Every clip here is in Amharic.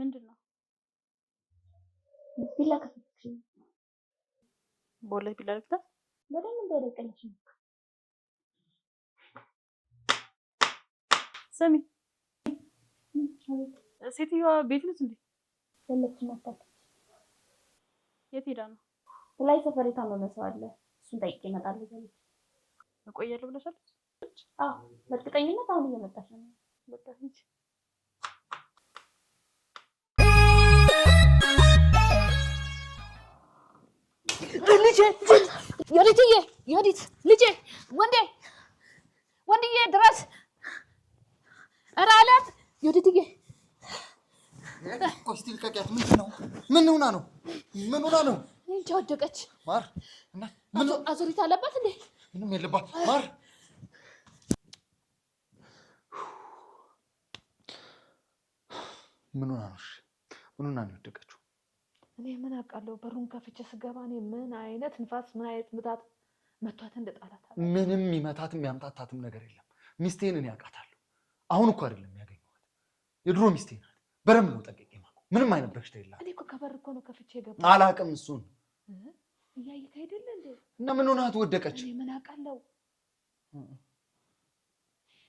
ምንድን ነው? ቢላ ከፈትሽ ቦሌ ቢላ ልክታ በደንብ እንዳይደቀልሽ ነው። ስሚ ሴትዮዋ ቤት ነች እንዴ? የለችም። አታውቅም። የት ሄዳ ነው? ላይ ሰፈር የታመመ ሰው አለ፣ እሱን ጠይቄ እመጣለሁ። ዘንድ እቆያለሁ ብለሻለች? በእርግጠኝነት አሁን እየመጣች ነው። በቃ ሂጂ የወዲትዬ የወዲት ልጄ ወንዴ ወንድዬ ድረስ ኧረ አላት። የወዲትዬ ቆስቲ ምንድን ነው? ምን ሆና ነው? ምን ሆና ነው? እንጃ ወደቀች። ማር አዙሪት አለባት እንዴ? ምንም የለባት ማር ምን ሆና ነው? ምን ሆና ነው የወደቀችው? እኔ ምን አውቃለሁ፣ በሩን ከፍቼ ስገባ እኔ ምን አይነት ንፋስ ምን አይነት ምታት መቷት እንደጣላት ምንም ይመታትም ያምታታትም ነገር የለም። ሚስቴን እኔ አውቃታለሁ። አሁን እኮ አይደለም ያገኘኋት፣ የድሮ ሚስቴ ናት። በደንብ ነው ጠቅቄ የማውቀው። ምንም አይነት በሽታ የላትም። እኔ እኮ ከበር እኮ ነው ከፍቼ የገባሁት። አላውቅም እሱን እያየት አይደለ እንዴ? እና ምን ሆናት? ወደቀች። ምን አውቃለሁ።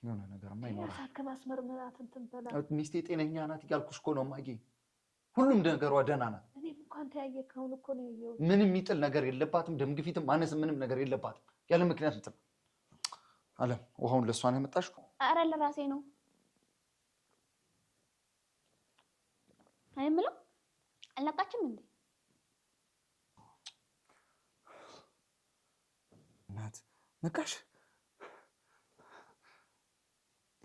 የሆነ ነገር ይኖራል። ከማስመርመራት እንትን በላ ሚስቴ ጤነኛ ናት እያልኩሽ እኮ ነው ማጌ ሁሉም ነገሯ ደህና ናት። ምንም ይጥል ነገር የለባትም። ደም ግፊትም ማነስ ምንም ነገር የለባትም። ያለ ምክንያት እንትን አለ። ውሃውን ለእሷ ነው የመጣሽ? ኧረ ለራሴ ነው የምለው። አልነቃችም እንዴ? እናት ነቃሽ?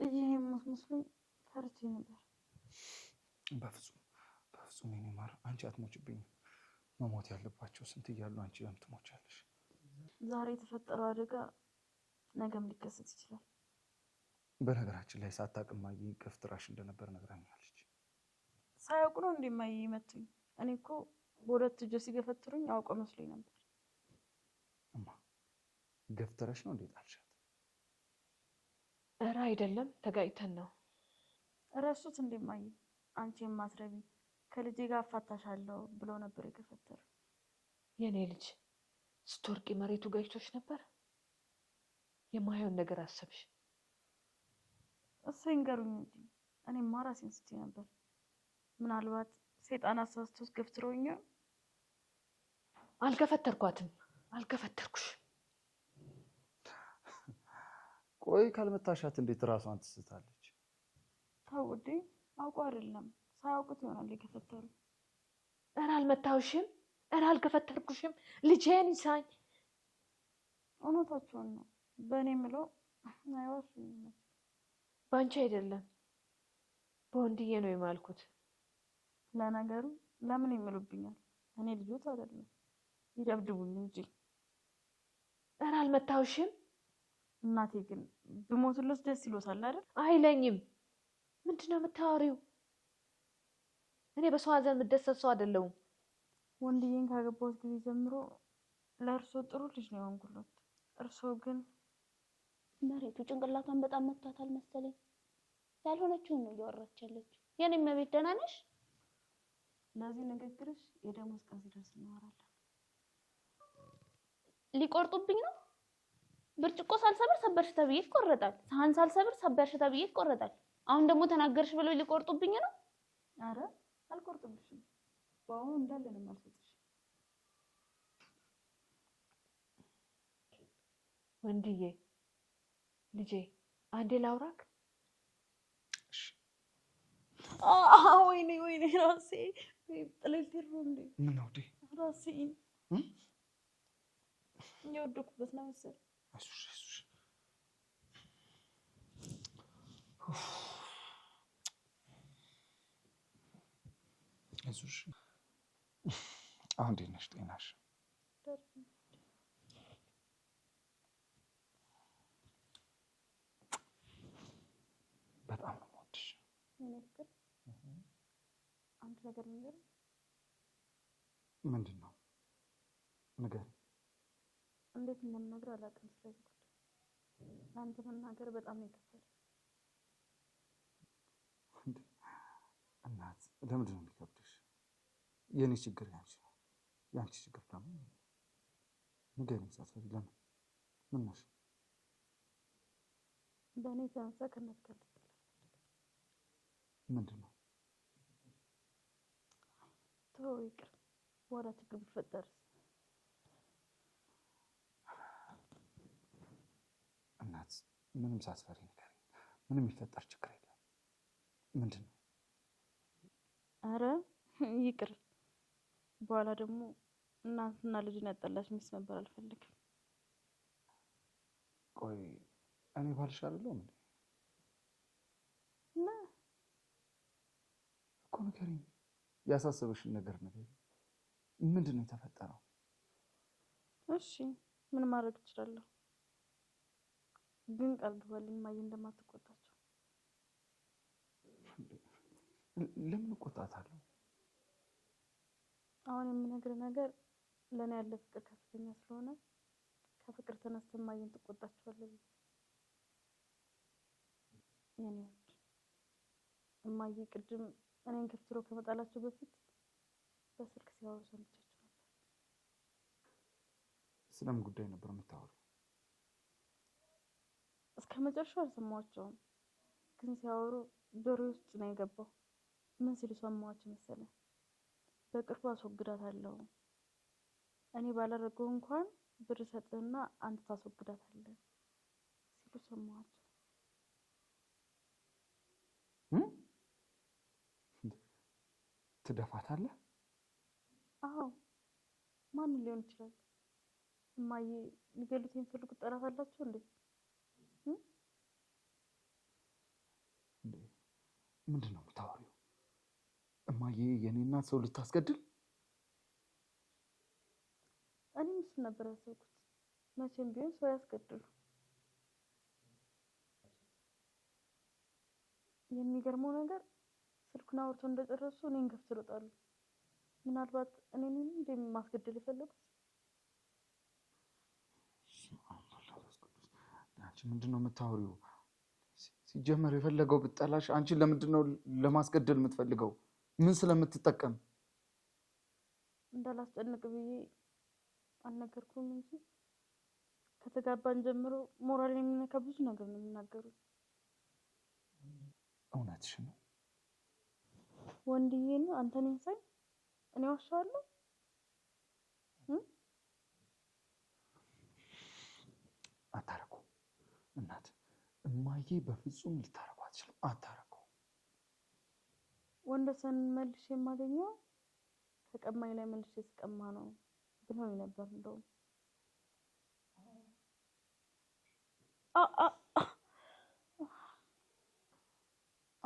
ይህ መስሎኝ ፈርቼ ነበር። በፍጹም በፍጹም የኔ ማር፣ አንቺ አትሞችብኝም። መሞት ያለባቸው ስንት እያሉ አንቺ ለምን ትሞቻለሽ? ዛሬ የተፈጠረው አደጋ ነገም ሊከሰት ይችላል። በነገራችን ላይ ሳታቅማ እማዬ ትራሽ እንደነበር ነግራኛለች። ሳያውቁ ነው እንደ እማዬ ይመቱኝ? እኔ እኮ በሁለት እጆ ሲገፈትሩኝ አውቀው መስሎኝ ነበር። እማ ገፍትረሽ ነው እንዴ ጣልሻት? እረ አይደለም ተጋጭተን ነው። እረሱት እንዴማየ አንቺ የማትረቢ ከልጄ ጋር አፋታሻለሁ ብሎ ነበር የገፈተሩ። የእኔ ልጅ ስትወርቂ መሬቱ ገጭቶች ነበር። የማየውን ነገር አሰብሽ። እሱ ይንገሩኝ እንጂ እኔማ ራሴን ነበር። ምናልባት ሴጣን አሳስቶስ ገፍትሮኛ። አልገፈተርኳትም። አልገፈተርኩሽ። ቆይ ካልመታሻት እንዴት እራሷን ትስታለች? ታውዴ አውቋ አይደለም ሳያውቁት ይሆናል የከፈተሩ። እረ አልመታሁሽም፣ እረ አልከፈተርኩሽም፣ ልጄን ይሳኝ። እውነታቸውን ነው። በእኔ የምለው አይዋሽ በአንቺ አይደለም በወንድዬ ነው የማልኩት። ለነገሩ ለምን ይምሉብኛል? እኔ ልጆት አይደለም ይደብድቡኝ እንጂ። እረ አልመታሁሽም። እናቴ ግን ብሞትሎት ደስ ይሎታል አይደል? አይለኝም። ምንድነው የምታወሪው? እኔ በሰው ሀዘን የምደሰት ሰው አይደለሁም። ወንድዬን ካገባሁት ጊዜ ጀምሮ ለእርሶ ጥሩ ልጅ ነው የሆንኩለት። እርሶ ግን መሬቱ ጭንቅላቷን በጣም መታታል መሰለኝ። ያልሆነችውን ነው እያወራቻለች። ያለችው። የኔ እመቤት ደህና ነሽ? ለዚህ ንግግርሽ የደሞዝ ቀን ሲደርስ እናወራለን። ሊቆርጡብኝ ነው። ብርጭቆ ሳልሰብር ሰበርሽ ተብዬ ይቆረጣል። ሳህን ሳልሰብር ሰበርሽ ተብዬ ይቆረጣል። አሁን ደግሞ ተናገርሽ ብለው ሊቆርጡብኝ ነው። አረ አልቆርጥብሽም። በአሁኑ እንዳለንም አልሰጥሽ ወንድዬ ልጄ አንዴ ላውራክ። ወይኔ ወይኔ ራሴ ጥልልሩ ምነው ዴ ራሴን የወደኩበት ነው መሰለኝ። አይዞሽ። አሁን እንዴት ነሽ? በጣም ነው የምወድሽ። አንድ ነገር ንገረኝ። ምንድን ነው? ንገረኝ። እንዴት እንደምነግርህ አላውቅም። ስለዚህ ለአንተ መናገር በጣም ነው የከበደኝ። እናት ለምንድን ነው የሚከብደው? የእኔ ችግር ያንቺ ነው፣ የአንቺ ችግር ደግሞ ንገሪኝ። ሳትፈሪ ለምን ምን ነሽ? በእኔ የተነሳ ከመትከል ምንድን ነው ተወው፣ ይቅር ወራ ችግር ቢፈጠር እናት ምንም ሳትፈሪ ንገሪኝ። ምንም የሚፈጠር ችግር የለም። ምንድን ነው? አረ ይቅር በኋላ ደግሞ እናትና ልጅን ያጠላች ሚስት ነበር አልፈልግም። ቆይ እኔ ባልሽ አይደለሁም እና እኮ ንገሪኝ፣ ያሳሰበሽን ነገር ነገር ምንድን ነው የተፈጠረው? እሺ ምን ማድረግ እችላለሁ? ግን ቃል ግባልኝ ማየ እንደማትቆጣቸው። ለምን እቆጣታለሁ? አሁን የምነግር ነገር ለእኔ ያለ ፍቅር ከፍተኛ ስለሆነ ከፍቅር ተነስተ ማየን ትቆጣቸዋለህ። የኔ እማዬ ቅድም እኔን ከፍትሮ ከመጣላቸው በፊት በስልክ ሲያወሩ ሰምቻቸው ነበር። ስለምን ጉዳይ ነበር የምታወሩ? እስከ መጨረሻው አልሰማኋቸውም፣ ግን ሲያወሩ ዶሮ ውስጥ ነው የገባው። ምን ሲሉ ሰማኋቸው መሰለኝ በቅርቡ አስወግዳታለሁ። እኔ ባላደረገው እንኳን ብር ሰጥህና አንተ ታስወግዳታለህ ሲሉ ሰማኋቸው። ትደፋታለህ? አዎ፣ ማን ሊሆን ይችላል? እማዬ ሊገሉት የሚፈልጉት ጠላት አላቸው እንዴ? ምንድን ነው የምታወሪው? እማዬ የኔ እናት ሰው ልታስገድል? እኔም እሱ ነበር ያሰብኩት። መቼም ቢሆን ሰው ያስገድሉ። የሚገርመው ነገር ስልኩን አውርቶ እንደጨረሱ እኔን ገፍት ይሮጣሉ። ምናልባት እኔን እንዴም ማስገድል የፈለጉት ምንድን ነው የምታወሪው? ሲጀመር የፈለገው ብጠላሽ አንቺን ለምንድን ነው ለማስገደል የምትፈልገው? ምን ስለምትጠቀም እንዳላስጨንቅ ብዬ አልነገርኩም እንጂ ከተጋባን ጀምሮ ሞራል የሚነካ ብዙ ነገር ነው የሚናገሩት። እውነትሽ ነው ወንድዬ ነው። አንተ ነኝ ሳይ እኔ ዋሻዋለሁ። አታረቁ እናት እማዬ በፍጹም ልታረቁ አትችልም። አታረቁ ወንደሰን መልሽ የማገኘው ተቀማኝ ላይ መልሽ ስቀማ ነው ብሎኝ ነበር። እንደውም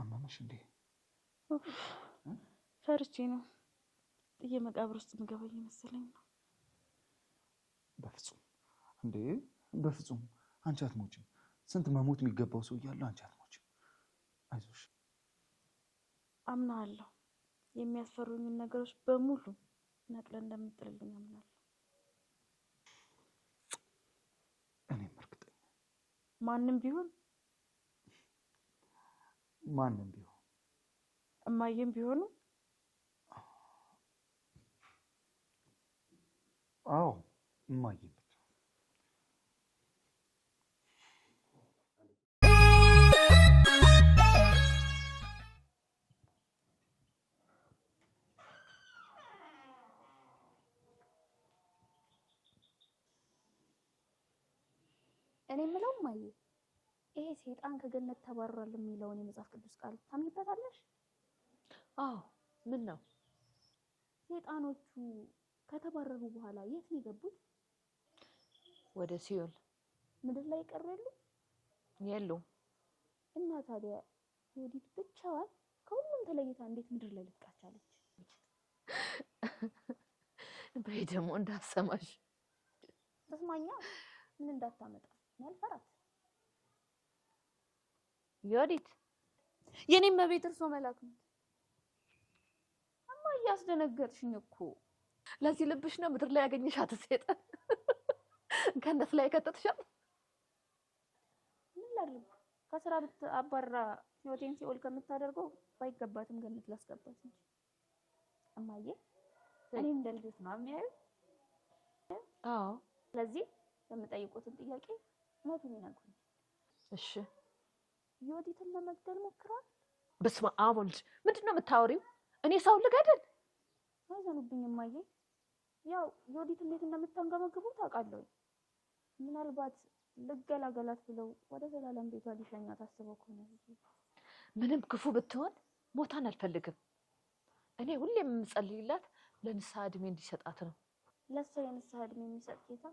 አማመሽ እንዴ? ፈርቼ ነው ጥዬ መቃብር ውስጥ ምገባ እየመሰለኝ ነው። በፍጹም እንዴ፣ በፍጹም አንቺ አትሞችም። ስንት መሞት የሚገባው ሰው እያለ አንቺ አትሞችም። አይዞሽ አምናለሁ። የሚያስፈሩኝን ነገሮች በሙሉ ነቅለ እንደምጥልልኝ አምናለሁ። እኔም እርግጠኛ ማንም ቢሆን ማንም ቢሆን እማዬም ቢሆኑ አዎ እማዬም እኔ የምለው ማየ ይሄ ሴጣን ከገነት ተባረራል የሚለውን የመጽሐፍ ቅዱስ ቃል ታምኝበታለሽ? አዎ። ምን ነው ሴጣኖቹ ከተባረሩ በኋላ የት ነው የገቡት? ወደ ሲዮል። ምድር ላይ ቀሩ የሉ? የሉም። እና ታዲያ ዮዲት ብቻዋን ከሁሉም ተለይታ እንዴት ምድር ላይ ልትቃቻለች? በይ ደግሞ እንዳሰማሽ። ተስማኛ ምን እንዳታመጣ ያልፈራት ዮዲት የኔም መቤት እርሶ መላክ ነው። እማ እያስደነገጥሽኝ እኮ ለዚህ ልብሽ ነው ምድር ላይ ያገኘሻት ሰይጣን ገነት ላይ ከተትሻል። ምን ላድርግ ከስራ ብታባራ ህይወቴን ሲኦል ከምታደርገው ባይገባትም ገነት ላስገባት እንጂ እማዬ እኔ እንደ ልቤት ነው የሚያዩ። አዎ ስለዚህ የምጠይቁትን ጥያቄ እውነቱን ይነግሩኝ። እሺ ዮዲትን ለመግደል ሞክረዋል። በስመ አብ ወልድ፣ ምንድን ነው የምታወሪው? እኔ ሰው ልገድል? አይዘኑብኝ እማዬ። ያው ዮዲት እንዴት እንደምታንገበግቡ ታውቃለሁ። ምናልባት ልገላገላት ብለው ወደ ዘላለም ቤቷ ሊሸኛት አስበው ከሆነ ምንም ክፉ ብትሆን ሞታን አልፈልግም። እኔ ሁሌም የምጸልይላት ለንስሐ እድሜ እንዲሰጣት ነው። ለእሷ የንስሐ እድሜ የሚሰጥ ጌታ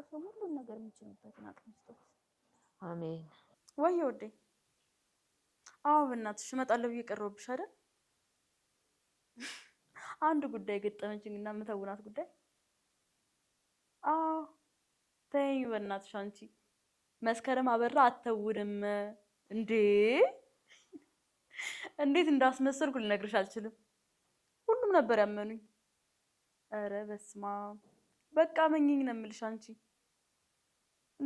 እርሱም ሁሉን ነገር የሚችልበትን አቅም ስጦት። አሜን። ወይ ወዴ አዎ፣ በእናትሽ እመጣለሁ ብዬ ቀረሁብሽ አይደል? አንድ ጉዳይ ገጠመችኝ እና የምተውናት ጉዳይ። አዎ ተይኝ በእናትሽ አንቺ። መስከረም አበራ አትተውንም እንዴ? እንዴት እንዳስመሰልኩ ልነግርሽ አልችልም። ሁሉም ነበር ያመኑኝ። ኧረ በስመ አብ በቃ መኝኝ ነው የምልሽ አንቺ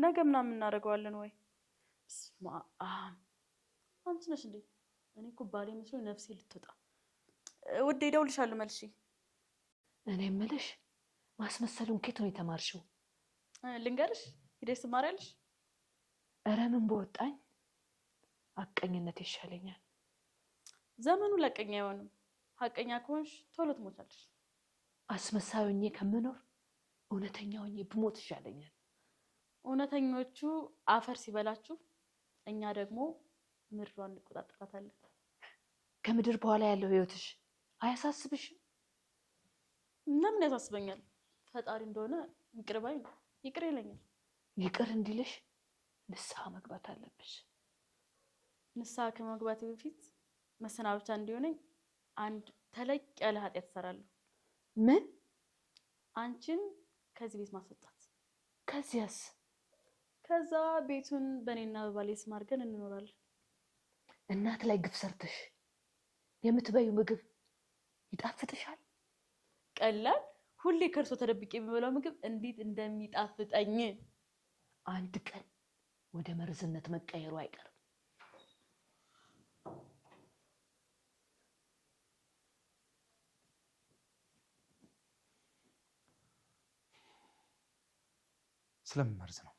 ነገ ምናምን እናደርገዋለን ወይ? ስማ አንቺ ነሽ እንዴ? እኔ እኮ ባሌ መስሎኝ ነፍሴ ልትወጣ። ውዴ እደውልልሻለሁ መልሺ። እኔ የምልሽ ማስመሰሉን ኬት ነው የተማርሽው? ልንገርሽ ሂደሽ ትማሪያለሽ። እረ ምን በወጣኝ አቀኝነት ይሻለኛል። ዘመኑ ለቀኝ አይሆንም። ሀቀኛ ከሆንሽ ቶሎ ትሞታለሽ። አስመሳይ ሆኜ ከምኖር እውነተኛ ሆኜ ብሞት ይሻለኛል። እውነተኞቹ አፈር ሲበላችሁ፣ እኛ ደግሞ ምድሯን እንቆጣጠራታለን። ከምድር በኋላ ያለው ህይወትሽ አያሳስብሽም? ለምን ያሳስበኛል? ፈጣሪ እንደሆነ ይቅር ባይ ነው። ይቅር ይለኛል። ይቅር እንዲልሽ ንስሐ መግባት አለብሽ። ንስሐ ከመግባት በፊት መሰናበቻ እንዲሆነኝ አንድ ተለቅ ያለ ኃጢአት እሰራለሁ። ምን? አንቺን ከዚህ ቤት ማስወጣት። ከዚያስ? ከዛ ቤቱን በእኔና በባሌ ስም አድርገን እንኖራለን። እናት ላይ ግፍ ሰርተሽ የምትበዩ ምግብ ይጣፍጥሻል? ቀላል ሁሌ ከእርሶ ተደብቄ የሚበላው ምግብ እንዴት እንደሚጣፍጠኝ አንድ ቀን ወደ መርዝነት መቀየሩ አይቀርም። ስለምን መርዝ ነው?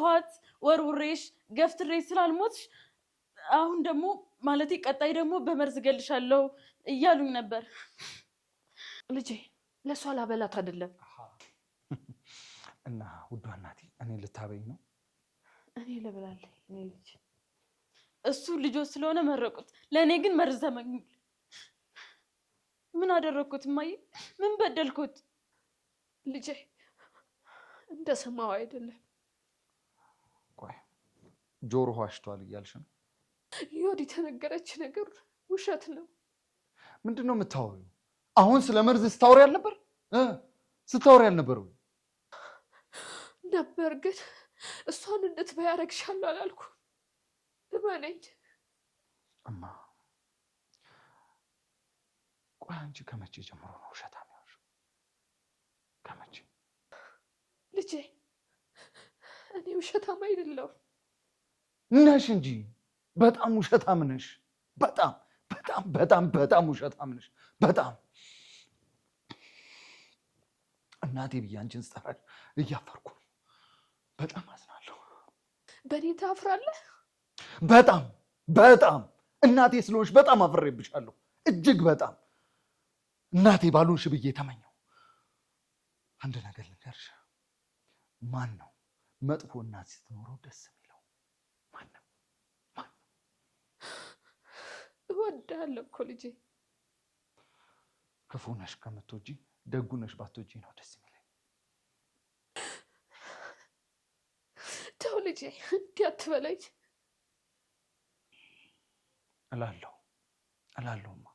ጠዋት ወርውሬሽ ገፍትሬሽ ስላልሞትሽ አሁን ደግሞ ማለቴ ቀጣይ ደግሞ በመርዝ እገልሻለሁ እያሉኝ ነበር። ልጄ ለእሷ ላበላት አይደለም እና ውዷ እናቴ እኔ ልታበኝ ነው። እኔ ልብላለሁ። ልጅ እሱ ልጆ ስለሆነ መረቁት፣ ለእኔ ግን መርዝ ተመኙል። ምን አደረግኩት? እማዬ ምን በደልኩት? ልጄ እንደ አይደለም ጆሮ ዋሽቷል እያልሽ ነው? ይወድ የተነገረች ነገር ውሸት ነው። ምንድን ነው የምታወሪው? አሁን ስለ መርዝ ስታወሪ አልነበር? ስታወሪ አልነበር ነበር ግን እሷን እንድትበይ አደርግሻለሁ አላልኩ። እመነኝ። እማ ቆይ አንቺ ከመቼ ጀምሮ ነው ውሸት አሚያሽ? ከመቼ ልጄ? እኔ ውሸታም አይደለሁም። ነሽ እንጂ በጣም ውሸታም ነሽ። በጣም በጣም በጣም በጣም ውሸታም ነሽ። በጣም እናቴ ብዬ አንቺን ስጠራሽ እያፈርኩ በጣም አዝናለሁ። በእኔ ታፍራለህ? በጣም በጣም እናቴ ስለሆንሽ በጣም አፍሬብሻለሁ። እጅግ በጣም እናቴ ባልሆንሽ ብዬ ተመኘው። አንድ ነገር ልንገርሽ፣ ማን ነው መጥፎ እናት ስትኖረው ደስ እወድሃለሁ እኮ ልጄ። ክፉ ነሽ ከምትወጂ ደጉ ነሽ ባትወጂ ነው ደስ የሚለኝ። ተው ልጄ እንዲህ አትበለኝ እላለሁ እላለሁማ።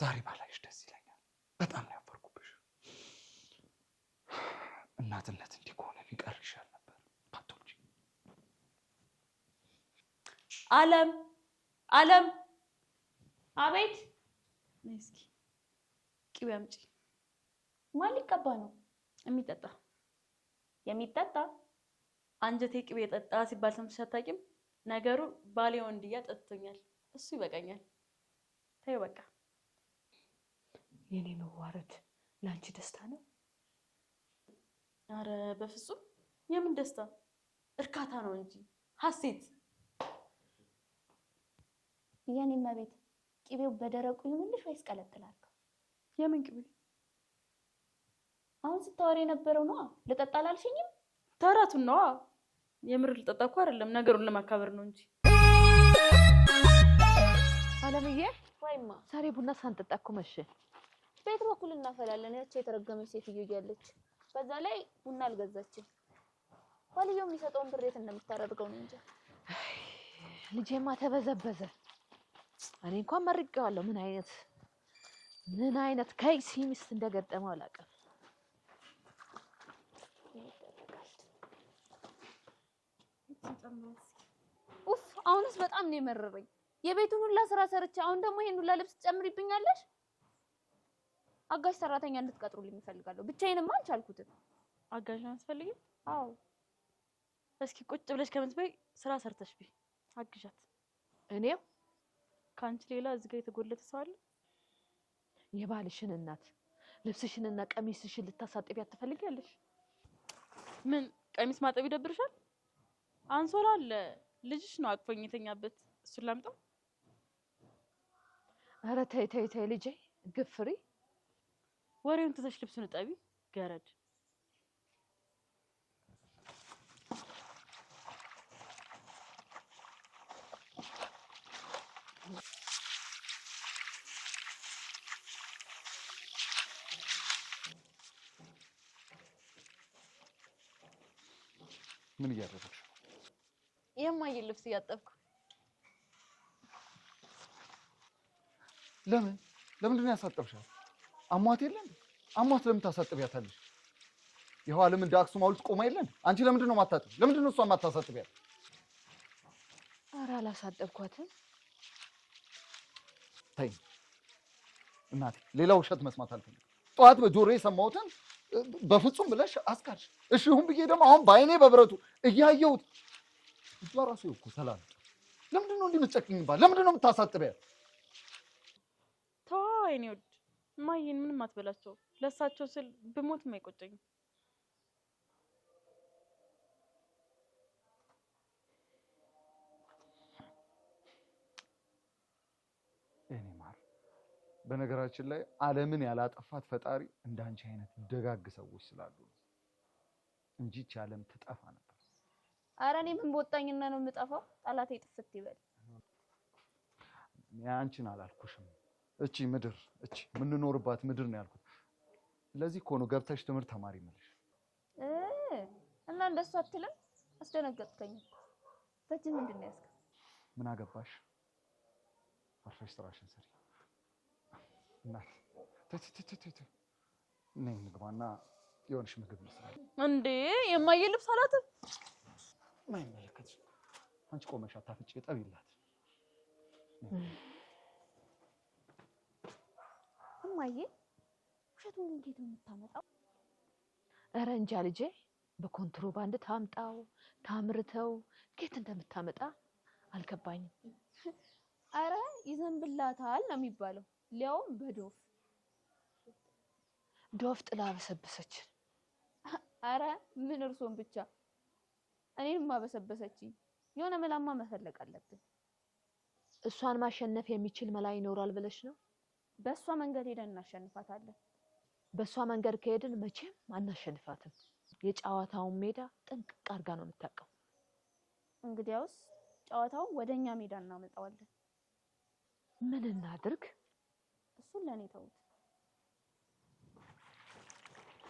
ዛሬ ባላይሽ ደስ ይለኛል። በጣም ነው ያፈርኩብሽ። እናትነት እንዲህ ከሆነ ሊቀር ይሻል ነበር። ባትወጂ አለም አለም አቤት፣ እስኪ ቅቤ አምጪ። ማን ሊቀባ ነው? የሚጠጣ የሚጠጣ አንጀቴ ቅቤ ጠጣ ሲባል ሰምተሽ አታውቂም? ነገሩ ባሌ ወንድያ ጠጥቶኛል። እሱ ይበቃኛል። ተይው በቃ። የኔ መዋረድ ለአንቺ ደስታ ነው? አረ በፍጹም የምን ደስታ፣ እርካታ ነው እንጂ ሀሴት የኔ እመቤት ቅቤው በደረቁ ይሁንልሽ ወይስ ቀለጥላል? የምን ቅቤ አሁን ስታወሪ የነበረው ነው። ልጠጣ አላልሽኝም? ተረቱን ነዋ። የምር ልጠጣ እኮ አይደለም ነገሩን ለማካበር ነው እንጂ አለምዬ። ወይማ ዛሬ ቡና ሳንጠጣ እኮ መሸ። ቤት በኩል እናፈላለን። ያቸው የተረገመች ሴትዮ እያለች በዛ ላይ ቡና አልገዛችም። ባልየው የሚሰጠውን ብሬት እንደምታደርገው ነው እንጂ ልጄማ ተበዘበዘ። እኔ እንኳን መርቄዋለሁ። ምን አይነት ምን አይነት ከይሲ ሚስት እንደገጠመው አላውቅም። ኡፍ አሁንስ በጣም ነው የመረረኝ። የቤቱን ሁላ ስራ ሰርቼ አሁን ደግሞ ይሄን ሁላ ልብስ ትጨምሪብኛለሽ? አጋዥ ሰራተኛ እንድትቀጥሩልኝ እፈልጋለሁ። ብቻዬንማ አልቻልኩትም። አጋዥ አያስፈልግም? አዎ እስኪ ቁጭ ብለሽ ከምትበይ ስራ ሰርተሽ ቢ አግዣት እኔው ከአንቺ ሌላ እዚህ ጋር የተጎለተ ሰው አለ? የባልሽን እናት ልብስሽንና ቀሚስሽን ልታሳጥቢ ትፈልጊያለሽ? ምን ቀሚስ ማጠብ ይደብርሻል? አንሶላ አለ፣ ልጅሽ ነው አቅፎኝ የተኛበት። እሱን ላምጣው? ኧረ ተይ ተይ ተይ ልጄ፣ ግፍሪ። ወሬውን ትተሽ ልብሱን እጠቢ ገረድ ምን እያደረግሽ ነው? የማየን ልብስ እያጠብኩ። ለምን ለምንድን ነው ያሳጠብሻል? አሟት የለን? አሟት ለምን ታሳጥቢያታለሽ? ይኸው ዓለም እንደ አክሱም ሐውልት ቆማ የለን? አንቺ ለምንድን ነው የማታጥብ? ለምንድን ነው እሷ የማታሳጥቢያት? ኧረ አላሳጠብኳትም። ተይ እናቴ፣ ሌላ ውሸት መስማት አልፈልግም። ጠዋት በጆሮ የሰማሁትን በፍጹም ብለሽ አስካድሽ። እሺ ይሁን ብዬ ደግሞ አሁን በአይኔ በብረቱ እያየሁት እሷ ራሱ እኮ ሰላም። ለምንድን ነው እንዲህ የምትጨክኝ? ባል ለምንድን ነው የምታሳጥበው? ተወው፣ የእኔ ወድ ማየን ምንም አትበላቸው። ለእሳቸው ስል ብሞት የማይቆጨኝ በነገራችን ላይ ዓለምን ያላጠፋት ፈጣሪ እንዳንቺ አይነት ደጋግ ሰዎች ስላሉ እንጂ ይህች ዓለም ትጠፋ ነበር። አረ እኔ ምን በወጣኝና ነው የምጠፋው? ጠላቴ ጥፍት ይበል። አንቺን አላልኩሽም። እቺ ምድር እቺ የምንኖርባት ምድር ነው ያልኩት። ለዚህ እኮ ነው ገብተሽ ትምህርት ተማሪ የምልሽ እና እንደሱ አትልም። አስደነገጥከኝ። በእጅ ምንድን ነው ያዝከው? ምን አገባሽ? አርፈሽ ስራሽን ስሪ። እናት ነኝ ምግባና የሆነሽ ምግብ ይመስላል እንዴ? የማየ ልብስ አላትም። ማይመለከት አንቺ ቆመሽ አታፍጭ ጠብ ይላት። እማዬ ውሸቱን እንዴት ነው የምታመጣው? እረ እንጃ ልጄ፣ በኮንትሮባንድ ታምጣው ታምርተው ጌት እንደምታመጣ አልገባኝም። ይዘንብላታል ነው የሚባለው። ሊያውም በዶፍ ዶፍ ጥላ በሰበሰችን። አረ ምን እርሶን ብቻ እኔንማ በሰበሰችኝ። የሆነ መላማ መፈለግ አለብን። እሷን ማሸነፍ የሚችል መላ ይኖራል ብለሽ ነው? በእሷ መንገድ ሄደን እናሸንፋታለን። በእሷ መንገድ ከሄድን መቼም አናሸንፋትም። የጨዋታውን ሜዳ ጥንቅቅ አድርጋ ነው የምታውቀው። እንግዲያውስ ጨዋታውን ወደኛ ሜዳ እናመጣዋለን። ምን እናድርግ? እሱን ለእኔ ተውት።